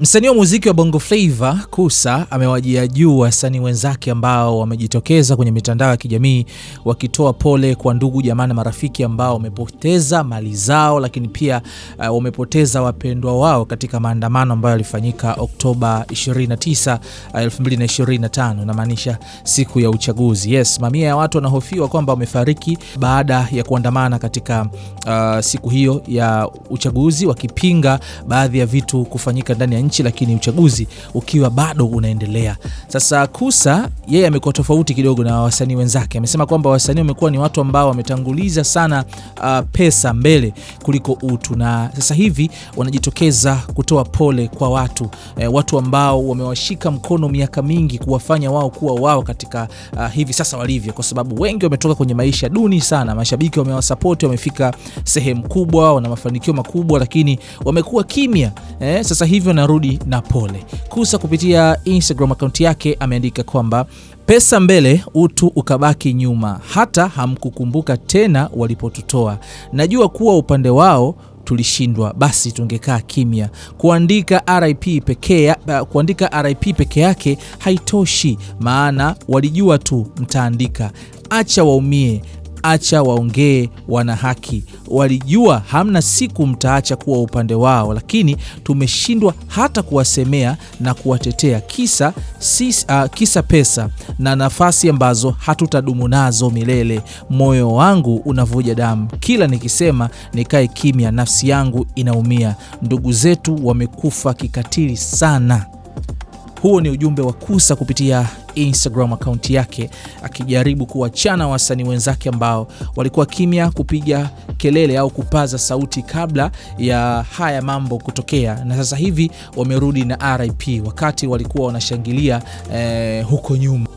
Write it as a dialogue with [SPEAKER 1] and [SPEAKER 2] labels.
[SPEAKER 1] Msanii wa muziki wa Bongo Flava Kusa amewajia juu wasanii wenzake ambao wamejitokeza kwenye mitandao ya kijamii wakitoa pole kwa ndugu jamaa na marafiki ambao wamepoteza mali zao, lakini pia uh, wamepoteza wapendwa wao katika maandamano ambayo yalifanyika Oktoba 29, 2025, namaanisha siku ya uchaguzi. Yes, mamia ya watu wanahofiwa kwamba wamefariki baada ya kuandamana katika uh, siku hiyo ya uchaguzi wakipinga baadhi ya vitu kufanyika ndani ya nchi, lakini uchaguzi ukiwa bado unaendelea. Sasa Kusa yeye amekuwa tofauti kidogo na wasanii wenzake, amesema kwamba wasanii wamekuwa ni watu ambao wametanguliza sana uh, pesa mbele kuliko utu, na sasa hivi wanajitokeza kutoa pole kwa watu eh, watu ambao wamewashika mkono miaka mingi kuwafanya wao kuwa wao katika uh, hivi sasa walivyo, kwa sababu wengi wametoka kwenye maisha duni sana. Mashabiki wamewasapoti, wamefika sehemu kubwa, wana mafanikio makubwa, lakini wamekuwa kimya eh, sasa hivi wanarudi karudi na pole. Kusa kupitia Instagram akaunti yake ameandika kwamba pesa mbele, utu ukabaki nyuma, hata hamkukumbuka tena walipotutoa. Najua kuwa upande wao tulishindwa, basi tungekaa kimya. Kuandika RIP pekee, eh, kuandika RIP peke yake haitoshi, maana walijua tu mtaandika. Acha waumie, acha waongee, wana haki, walijua hamna siku mtaacha kuwa upande wao, lakini tumeshindwa hata kuwasemea na kuwatetea kisa, sis, uh, kisa pesa na nafasi ambazo hatutadumu nazo milele. Moyo wangu unavuja damu kila nikisema nikae kimya, nafsi yangu inaumia. Ndugu zetu wamekufa kikatili sana. Huo ni ujumbe wa Kusa kupitia Instagram akaunti yake, akijaribu kuwachana wasanii wenzake ambao walikuwa kimya kupiga kelele au kupaza sauti kabla ya haya mambo kutokea, na sasa hivi wamerudi na RIP wakati walikuwa wanashangilia eh, huko nyuma.